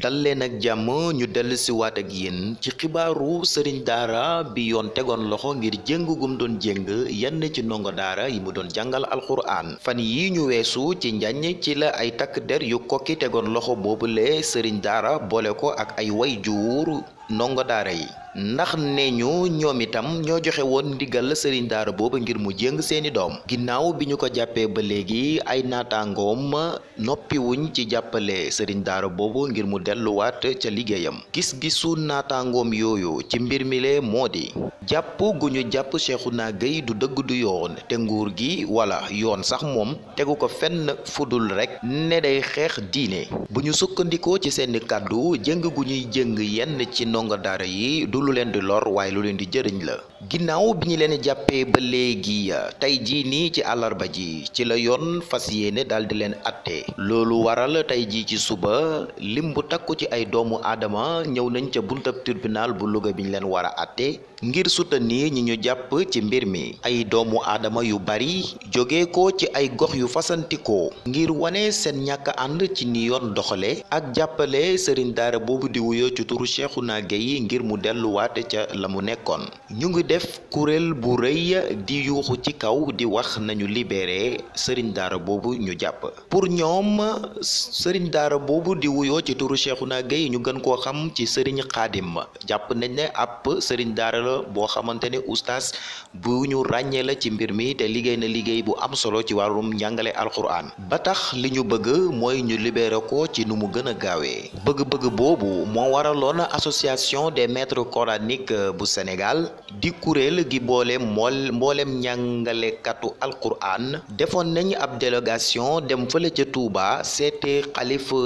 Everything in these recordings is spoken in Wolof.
dal leen ak jàmm ñu dellu si waat ci xibaaru sëriñ daara bi yoon tegoon loxo ngir jéng gum doon jéng yenn ci ndongo daara yi mu doon jàngal alxuraan fan yi ñu weesu ci njañ ci la ay takk der yu kokki tegoon loxo boobule sëriñ daara boole ko ak ay way juwur ndongo daara yi ndax ne ñu ñoom itam ñoo joxe woon ndigal la sëriñ daara boobu ngir mu jéng seeni doom ginnaaw bi ñu ko jàppee ba léegi ay naataangoom noppiwuñ ci jàppale sëriñ daara boobu ngir mu delluwaat ca liggéeyam gis-gisu naataangoom yooyu ci mbir mile moo di jàpp gu ñu jàpp Cheikhouna Gaye du dëgg du yoon te nguur gi wala yoon sax moom tegu ko fenn fudul rekk ne day xeex diine bu ñu sukkandikoo ci seen kàddu jëng gu ñuy jëng yenn ci ndongo daara yi du lu leen di lor waaye lu leen di jëriñ la ginnaaw bi ñu leen jàppee ba léegi tey jii nii ci àllarba ji ci la yoon fas yéene daal di leen atte loolu waral tey jii ci suba lim bu takku ci ay doomu aadama ñëw nañ ca buntab tribunal bu Louga bi ñu leen war a atte ngir soutenir ñi ñu jàpp ci mbir mi ay doomu aadama yu bari jóge ko ci ay gox yu fasantikoo ngir wane seen ñàkk ànd ci ni yoon doxale ak jàppale sëriñ daara boobu di wuyoo ci turu Cheikhouna Gaye ngir mu delluwaate ca la mu nekkoon def kuréel bu rëy di yuuxu ci kaw di wax nañu libéré sëriñ daara boobu ñu jàpp pour ñoom sëriñ daara boobu di wuyoo ci turu Cheikhouna Gaye ñu gën koo xam ci sëriñ Xaadim jàpp nañ ne ab sëriñ daara la boo xamante ne oustaz bu ñu ràññee la ci mbir mi te liggéey na liggéey bu am solo ci wàllum njàngale alxuraan ba tax li ñu bëgg mooy ñu libéré ko ci nu mu gën a gaawee bëgg-bëgg boobu moo waraloon association des maîtres coraniques bu Sénégal kuréel gi boole mool mboolem njàngalekatu alquran defoon nañ ab délégation dem fële ca Touba seete xalifa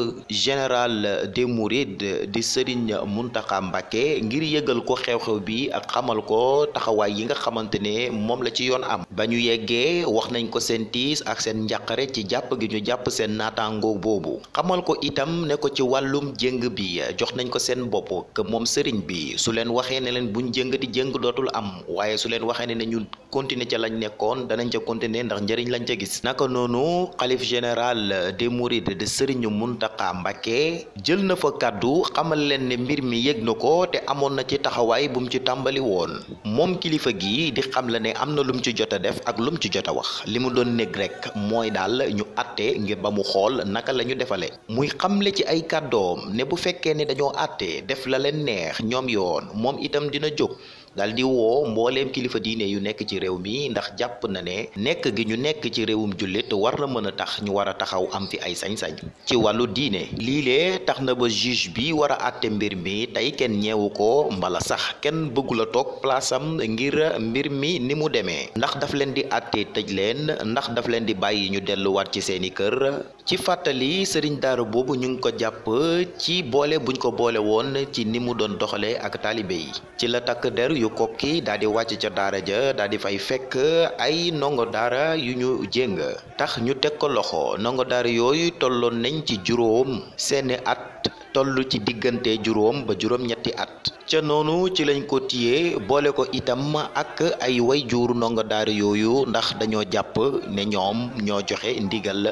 général des Mourides di Serigne Mountakha Mbacké ngir yëgal ko xew-xew bi ak xamal ko taxawaay yi nga xamante ne moom la ci yoon am ba ñu yeggee wax nañ ko seen tiis ak seen njàqare ci jàpp gi ñu jàpp seen nataangoo boobu xamal ko itam ne ko ci wàllum jëng bi jox nañ ko seen bopp que moom sëriñ bi su leen waxee ne leen buñ jëng di jëng dootul am am waaye su leen waxee ne ne ñun continuer ca lañ nekkoon danañ ca continuer ndax njëriñ lañ ca gis naka noonu xalif général des mourides de Serigne Mountakha Mbacké jël na fa kàddu xamal leen ne mbir mi yëg na ko te amoon na ci taxawaay bu mu ci tàmbali woon moom kilifa gi di xam la ne am na lu mu ci jot a def ak lu mu ci jot a wax li mu doon néeg rek mooy daal ñu àtte ngir ba mu xool naka la ñu defalee muy xamle ci ay kàddoom ne bu fekkee ne dañoo àtte def la leen neex ñoom yoon moom itam dina jóg daal di woo mbooleem kilifa diine yu nekk ci réew mi ndax jàpp na ne nekk gi ñu nekk ci réewum jullit war na mën a tax ñu war a taxaw am fi ay sañsañ ci wàllu diine lii lee tax na ba juge bi war a àtte mbir mi tey kenn ñeewu ko mbala sax kenn bëggul a toog place ngir mbir mi ni mu demee ndax daf leen di àtte tëj leen ndax daf leen di bàyyi ñu delluwaat ci seeni kër ci fàttali sëriñ daara boobu ñu ngi ko jàpp ci boole buñ ko boole woon ci ni mu doon doxalee ak taalibe yi ci yu kokki daal di wàcc ca daara ja daal di fay fekk ay nongo daara yu ñu jéng tax ñu teg ko loxo ndongo daara yooyu tolloon nañ ci juróom seeni at toll ci diggante juróom ba juróom-ñetti at ca noonu ci lañ ko téye boole ko itam ak ay way jur ndongo daara yooyu ndax dañoo jàpp ne ñoom ñoo joxe ndigal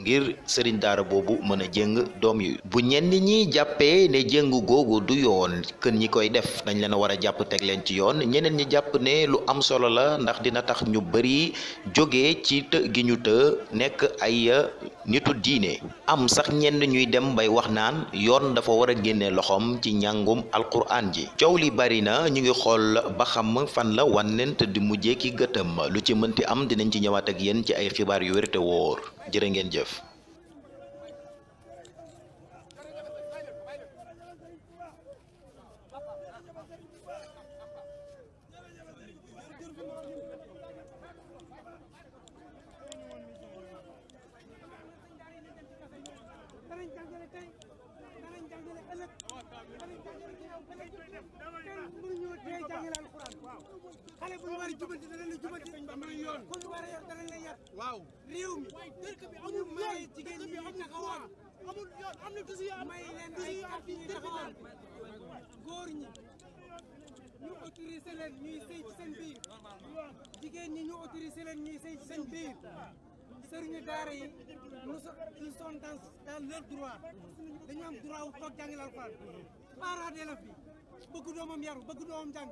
ngir sëriñ daara boobu mën a jëng doom yu bu ñenn ñi jàppee ne jéng googu du yoon kën ñi koy def dañ leen a war a jàpp teg leen ci yoon ñeneen ñi jàpp ne lu am solo la ndax dina tax ñu bëri jóge ci të gi ñu të nekk ay uh, nitu diine am sax ñenn ñuy dem bay wax naan yoon dafa war a génne loxoom ci njàngum alquran ji coow li bari na ñu ngi xool ba xam fan la wànnent di mujjee ki gëtëm lu ci mënti am dinañ ci ñëwaat ak yéen ci ay xibaar yu wér te wóor jërë ngeen jëf xale bu ñu war a jubanti danañ la jubanti ku ñu war a yor danañ la yar waaw réew mi dëkk bi amul may jigéen ñi ñu taxawoon amul yoon am na tusi yoon may leen ay at yi góor ñi ñu autorisé leen ñuy sëy ci seen biir jigéen ñi ñu autorisé leen ñuy sëy ci seen biir sëriñu daara yi nous ils sont dans dans leur droit dañu am droit wu toog jàngal alxuraan bëgg doomam yaru bëgg doomam jàng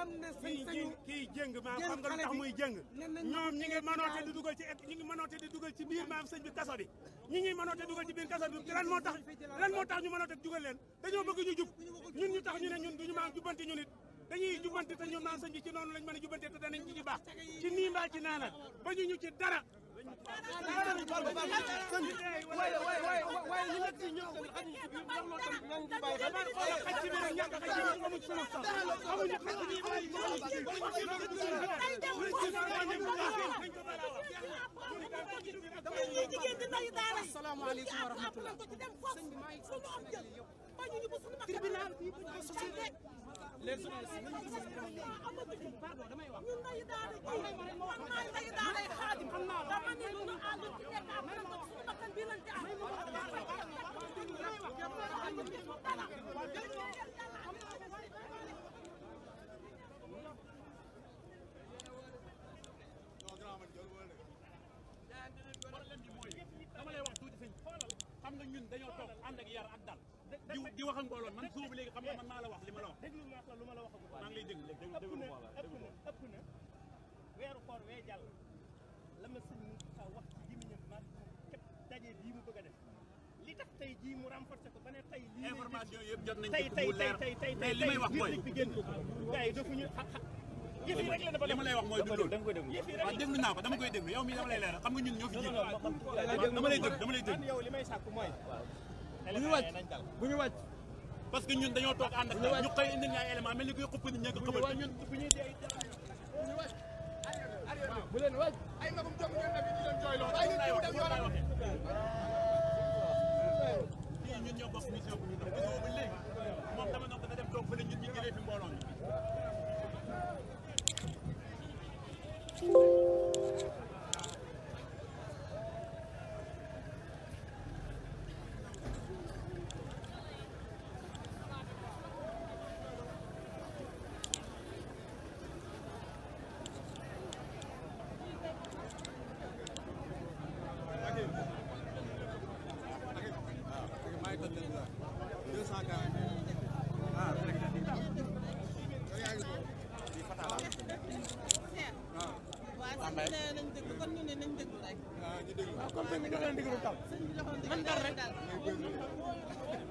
am na sañ-sañu kii jëng maam xam nga lu tax muy jëng ñoom ñi ngi di dugal ci ñi ngi di dugal ci biir maam sëñ bi kaso bi ñi ngi mënoote ci biir kaso lan moo tax lan moo tax ñu mënoote dugal leen dañoo bëgg ñu jub ñun ñu tax ñu ñun duñu maam jubbanti ñu dañuy jubante te ñun naan sëñ bi ci noonu lañ mën a jubante te danañ ci ci baax ci nii mbaa ci naana ba ñu ñu ci dara. waaye waaye waaye li nekk ci ñoom tamit xam ñu ci biir ndax loolu tamit nan ci bàyyi xel. xoolal xaj ci biir ñàkk xaj ci biir amuñ solo sax amuñu xaj ci biir amuñ solo sax. asalaamaaleykum wa rahmatulah. sëñ bi maa ngi tribunal bi les journalistes pardon damay wax ñun ji man maay day yi xaadim xam dama ni lu nu ànd ci nekk am na ko suñu bakkan bi lañ ci am problème bi mooy dama lay wax tuuti sëñ xoolal xam nga ñun dañoo toog ànd ak yar ak di di wax ak mbooloo man suba léegi xam nga man maa la wax li ma la wax. déglu ma lu ma la wax ak maa ngi lay déglu léegi ëpp na ëpp na ëpp na weeru koor wee jàll la ma sëñ Moussa wax ci gémmiñam maa képp daje bii mu bëgg a def li tax tey jii mu renforcer ko ba ne tey lii information yëpp jot nañ ko mu leer mais li may wax mooy gars yi defuñu yëf yi rek la dafa li ma lay wax mooy du loolu waaw déglu naa ko dama koy déglu yow mi dama lay leeral xam nga ñun ñoo fi jiitu dama lay déglu dama lay déglu yow li may sàkk mooy bu ñu wàcc bu ñu parce que ñun dañoo toog ànd ak ñu xëy indi ñu ay éléments mel ni kuy xupp nit ñi ko xëbal. ñun bu ñuy dee bu ñu wàcc. bu leen wàcc. ay magum jom ngeen def ñu leen jooyloo. ay nit ñu dem yoonam. ñun ñoo bokk mission bu ñu def gisoo ba léegi. mais nee nañ déglu kon ñu ne nañ déglu rek. waaw ah, ñu déglu kon sëñ bi joxe na ndigalu taw. sëñ bi joxe na ndigalu taw man dal rek.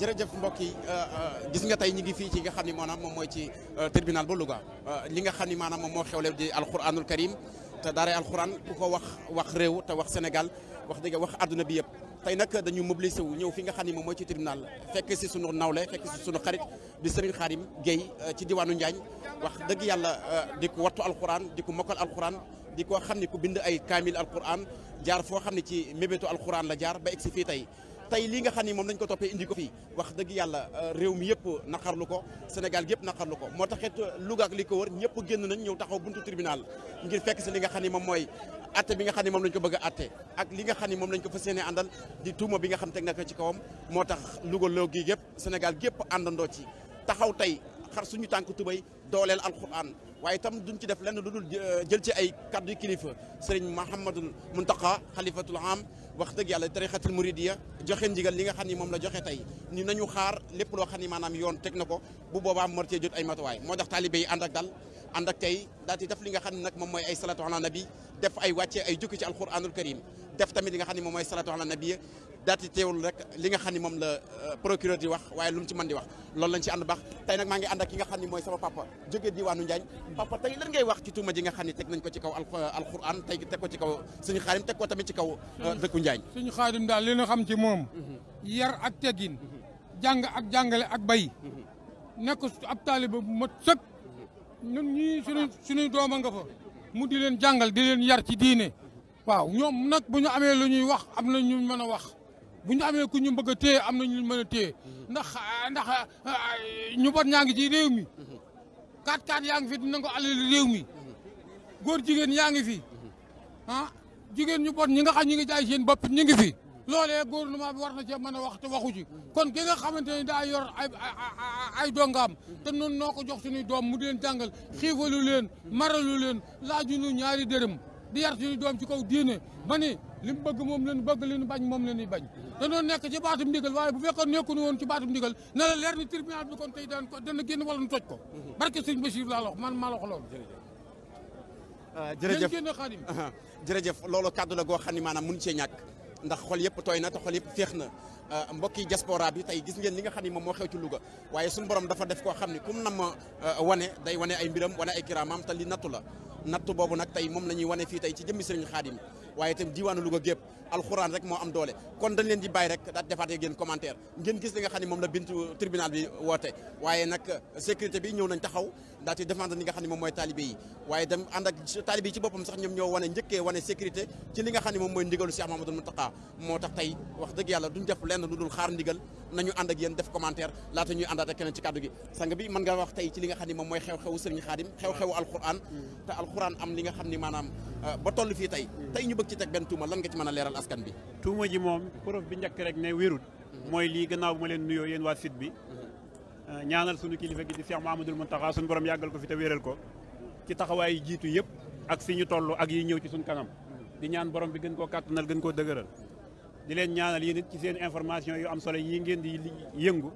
jërëjëf mbokk yi euh, euh, gis nga tey ñi ngi fii ci nga xam ne maanaam moom mooy ci euh, tribunal bu Louga li nga xam ne maanaam moom moo xewle di alquranul karim te daaray alquran ku ko wax wax réew te wax Sénégal wax dëgg wax adduna bi yëpp tey nag dañu mobiliser wu ñëw fi nga xam ne moom mooy ci tribunal fekk si sunu nawle fekk si sunu di Serigne Khadim Gueye ci diwaanu Njaañ dëgg yàlla di ko wattu alquran di ko mokkal alquran di ko xam ne ku bind ay kaamil alquran jaar foo xam ne ci mébétu alquran la jaar ba egsi fii tey tey lii nga xam ni moom dañ ko toppee indi ko fii wax dëgg yàlla euh, réew mi yëpp naqarlu ko Sénégal gi yëpp naqarlu ko moo taxit euh, Louga ak li ko wër ñëpp génn nañ ñëw taxaw buntu tribunal ngir fekk si li nga xam ni moom mooy atte bi nga xam ne moom lañ ko bëgg a atte ak li nga xam ne moom lañ ko fas yéene àndal di tuuma bi nga xam teg na ko ci kawam moo tax Louga loo gi yëpp Sénégal gépp àndandoo ci taxaw tey xar suñu tànk tubay dooleel alquran waaye itam duñ ci def lenn lu dul euh, jël ci ay kaddu kilifa sëriñ Mouhamadul Muntaqa xalifatul am wax dëgg yàlla tarixatul muridiya joxe ndigal li nga xam ni moom la joxe tey ñu nañu xaar lépp loo xam ni maanaam yoon teg na ko bu boobaa mor cee jot ay matuwaay moo tax taalibe yi ànd ak dal ànd ak tey daal di def li nga xam ne nag moom mooy ay salatu a nabi def ay wàcce ay jukki ci alquranul karim def tamit li nga xam ne moom mooy salatu ala nabi daal di teewul nga xam ni moom la euh, procureur di wax waaye lu mu ci man di wax loolu lañ ci ànd baax tey nag maa ngi ànd ak ki nga xam ne mooy sama papa jógee diwaanu Njaañ papa tey lan ngay wax ci tuuma ji nga xam ne teg nañ ko ci kaw euh, alquran tey teg ko ci kaw suñu xaarim teg ko tamit ci kaw euh, dëkku Njaañ suñu xaarim daal li ñu xam ci moom mm-hmm. yar ak teggin jàng ak jàngale ak bay mm-hmm. nekk ab taaliba bu mat sëkk mm-hmm. ñun ñii suñu suñuy dooma nga fa mu di leen jàngal di leen yar ci diine waaw ñoom nag bu ñu amee lu ñuy wax am na ñu mën a wax bu ñu amee ku ñu bëgg a téye am na ñu mën a téye ndax ndax ñu bot ñaa ngi ci réew mi kaat kaat yaa ngi fi dina ko alal réew mi góor jigéen yaa ngi fi ah jigéen ñu bon ñi nga xam ñi ngi jaay seen bopp ñu ngi fi loolee gouvernement bi war na cee mën a wax te waxu ji kon ki nga xamante ne daa yor ay ay dongaam te noonu noo ko jox suñuy doom mu di leen jàngal xiifalu leen maralu leen laaju ñu ñaari dërëm di yar suñu doom ci kaw diine ma ni li mu bëgg moom lañu bëgg li ñu bañ moom la ñuy bañ dañoo nekk ci baatum ndigal waaye bu fekkoon nekkuñu woon ci baatum ndigal na la leer ni tribunal bi kon tey daan ko dana génn wala ñu toj ko barke sëñ Bachir laa wax man maa wax loolu ah, jërëjëf jërëjëf loolu kàddu la goo xam ne maanaam mun cee ñàkk ndax xol yëpp tooy na te xol yépp féex na Euh, mbokki diaspora bi tey gis ngeen li nga xam ni moom moo xew ci Louga waaye suñu borom dafa def koo xam ni kum na euh, boobu nag tey moom la ñuy wane fii tey ci jëmmi Serigne Khadim waaye itam diwaanu Louga gépp moo am doole kon dañ leen di bàyyi rek daal defaat ngeen commentaire ngeen gis li nga xam ne moom la bintu tribunal bi woote euh, taxaw daal di défendre li nga xam ne moom mooy taalibé yi waaye dem ànd ak taalibé yi ci boppam sax ñoom ñoo wane njëkkee wane sécurité ci li nga xam ne moom mooy ndigalu Cheikh Mamadou Mountakha moo tax tey wax dëgg yàlla duñ def lenn lenn lu dul xaar ndigal nañu ànd ak yéen def commentaire laata ñuy àndaat keneen ci kàddu gi sang bi mën nga wax tey ci li nga xam ne moom mooy xew-xewu sëriñ xaadim xew-xewu alquran mm. te alquran am li nga xam ni maanaam euh, ba toll fii tey mm. tey ñu bëgg ci teg benn tuuma lan nga ci mën a leeral askan bi tuuma ji moom prof bi njëkk rek ne wérut mm-hmm. mooy lii gannaaw bu ma leen nuyoo yéen waa sit bi mm-hmm. euh, ñaanal suñu kilifa gi di Cheikh suñu borom yàggal ko fi te wéral ko ci taxawaay yëpp ak fi ñu toll ak yi ñëw ci suñu kanam mm-hmm. di ñaan borom bi gën koo kàttanal gën koo dëgëral di leen ñaanal yéen it ci seen information yu am solo yi ngeen di yëngu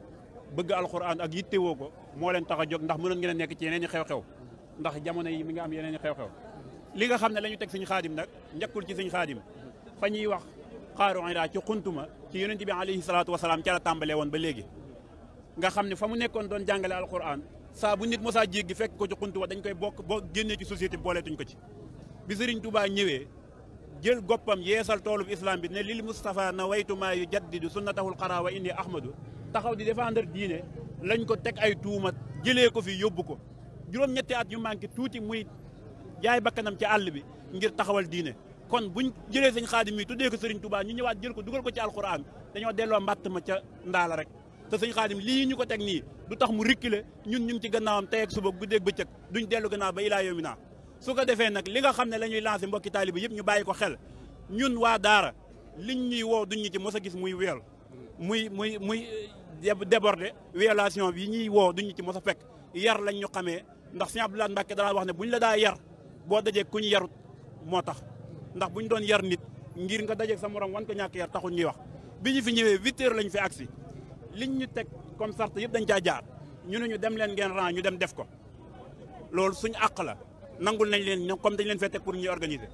bëgg alxuraan ak yittewoo ko moo leen tax a jóg ndax mënoon ngeen a nekk ci yeneen i xew-xew ndax jamono yi mi nga am yeneen xew-xew li nga xam ne la ñu teg suñ xaadim nag njëkkul ci suñ xaadim fa ñuy wax xaaru ira ci xuntuma ci yonente bi alayhi salaatu wasalaam ca la tàmbalee woon ba léegi nga xam ne fa mu nekkoon doon jàngale alxuraan saa bu nit mosaa jéggi fekk ko ci xuntuma dañ koy bokk boo génnee ci société booleetuñ ko ci bi Sëriñ Tuubaa ñëwee jël goppam yeesal toolub islam bi ne lil Moustapha na waytu waytumaa yu jaddidu sunnatahul xaraa wa inni ahmadu taxaw di défendre diine lañ ko teg ay tuumat jëlee ko fi yóbbu ko juróom-ñetti at yu manqué tuuti muy jaay bakkanam ci àll bi ngir taxawal diine kon buñ jëlee sëñ xaadim mi tuddee ko sëriñ Touba ñu ñëwaat jël ko dugal ko ci alxuraan dañoo delloo mbàtt ma ca ndaala rek te sëñ xaadim lii ñu ko teg nii du tax mu rikkile ñun ñu ngi ci gannaawam tey ak suba guddeeg bëccëg duñ dellu gannaaw ba ilaa yoomi naa su ko defee nag li nga xam ne la ñuy lancé mbokki taalibe yëpp ñu bàyyi ko xel ñun waa daara liñ ñuy woo duñ ñu ci mos a gis muy weel muy muy muy euh, débordé violation bi ñuy woo duñ ñu ci mos a fekk yar lañ ñu xamee ndax sëñ Abdoulaye Mbacke danaa wax ne buñ la daa yar boo dajee ku ñu yarut moo tax ndax bu ñu doon yar nit ngir nga dajeeg sa morom wan ko ñàkk yar taxul ñuy wax bi ñu fi ñëwee huit lañu lañ fi agsi liñ ñu teg comme sart yëpp dañ caa jaar ñu ne ñu dem leen ngeen rang ñu dem def ko loolu suñu àq la nangul nañ leen comme dañ leen fee teg pour ñuy organiser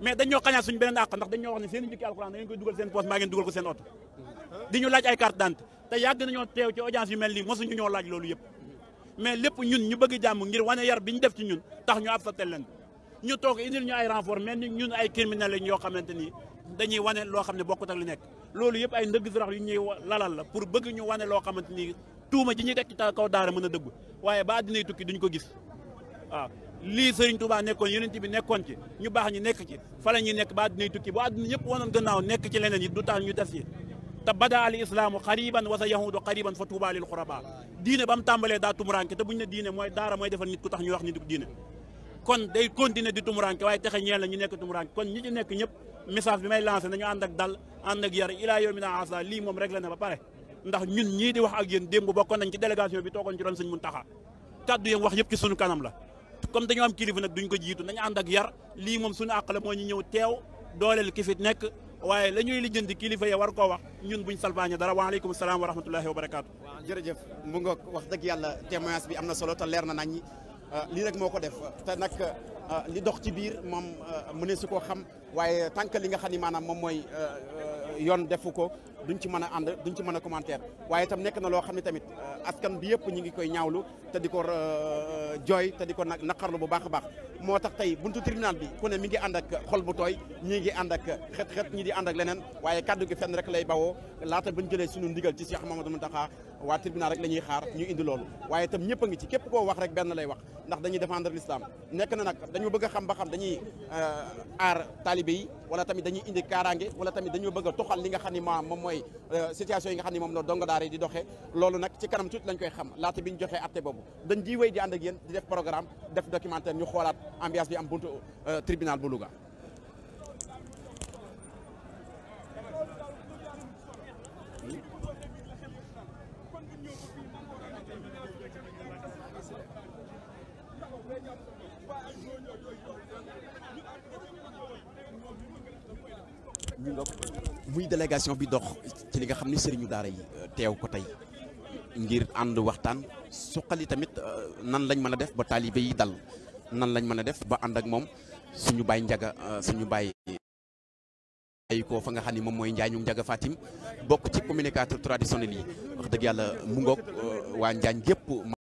mais dañ ñoo beneen àq ndax dañ ñoo wax ne alxuraan da koy dugal seen poche mbaa dugal ko seen oto di ñu laaj ay carte d'identité te yàgg nañoo teew ci audience yu mel nii mosuñu ñoo laaj loolu yëpp mais lépp ñun ñu bëgg jàmm ngir wane yar bi ñu def ci ñun tax ñu absate leen ñu toog indil ñu ay renfort mais ñun ay criminel lañ yoo xamante ni dañuy wane loo xam ne bokkut ak li nekk loolu yëpp ay ndëgg sarax yu ñuy lalal la pour bëgg ñu wane loo xamante ni tuuma ji ñuy teg ci kaw daara mën a dëgg waaye ba àddinay tukki duñ ko gis waaw lii Serigne Touba nekkoon yonent bi nekkoon ci ñu baax ñu nekk ci fa la nekk ba àddinay tukki bu àddina yëpp wanoon gannaaw nekk ci leneen yi du tax ñu des ci te bada al islaamu xariban wa sa yahudu xariban fa tuuba lil xuraba diine ba mu tàmbalee daa tumuranke te buñ ne diine mooy daara mooy defal nit tax ñu wax nit ku diine kon day continuer di tumuranke waaye texe ñeel la ñu nekk tumuranke kon ñi ci nekk ñëpp message bi may lancé nañu kanam la comme dañoo am kilifa nag duñ ko jiitu nañu ànd ak yar lii moom suñu àq la moo ñu ñëw teew dooleel ki fi nekk waaye la ñuy lijjanti kilifa ya war koo wax ñun buñ salbaañe dara waaleykum salaam wa rahmatullahi wa barakaatu. waaw jërëjëf mu ngoog wax dëgg yàlla témoignage bi am na solo ta leer na nañ euh, lii rek moo ko def te nag euh, li dox ci biir moom euh, mu ne koo xam waaye tant que li nga xam ni maanaam moom mooy yoon defu ko duñ ci mën a ànd duñ ci mën a commentaire waaye tam nekk na loo xam ne tamit askan bi yëpp ñu ngi koy ñaawlu te di ko euh, jooy te di ko naqarlu bu baax baax moo tax tey buntu tribunal bi ku ne mi ngi ànd ak xol bu tooy ñii ngi ànd ak xet-xet ñii di ànd ak leneen waaye kaddu gi fenn rek lay bawoo laata bañ jëlee sunu ndigal a Cheikh Mamadou Mountakha waa tribunal rek la ñuy xaar ñu indi loolu waaye tam ñëpp a ngi ci képp koo wax rek benn lay wax ndax dañuy défendre l'islam nekk na nag dañu bëgg xam ba xam dañuy euh, aar taalibe yi wala tamit dañuy indi kaaraange wala tamit dañoo bëgg a toxal nga xam ni maam moom mooy euh, situation yi nga xam ne moom la donga daar yi di doxe loolu nag ci kanam tuuti lañ koy xam laata bi ñu joxe atte boobu dañ di wéy di ànd ak yéen di def programme def documentaire ñu xoolaat ambiance bi am buntu euh, tribunal bu Louga ñu dox muy délégation bi dox ci li nga xam ne sëriñu daara yi euh, teew ko tey ngir ànd waxtaan suqali tamit euh, nan lañ mën a def ba taalibe yi dal nan lañ mën a def ba ànd ak moom suñu baay njaga euh, suñu baay ay ko fa nga xam ni moom mooy njaañu njaga Fatim bokk ci communicateur traditionnel yi wax dëgg yàlla mu ngoog waa njaañ gépp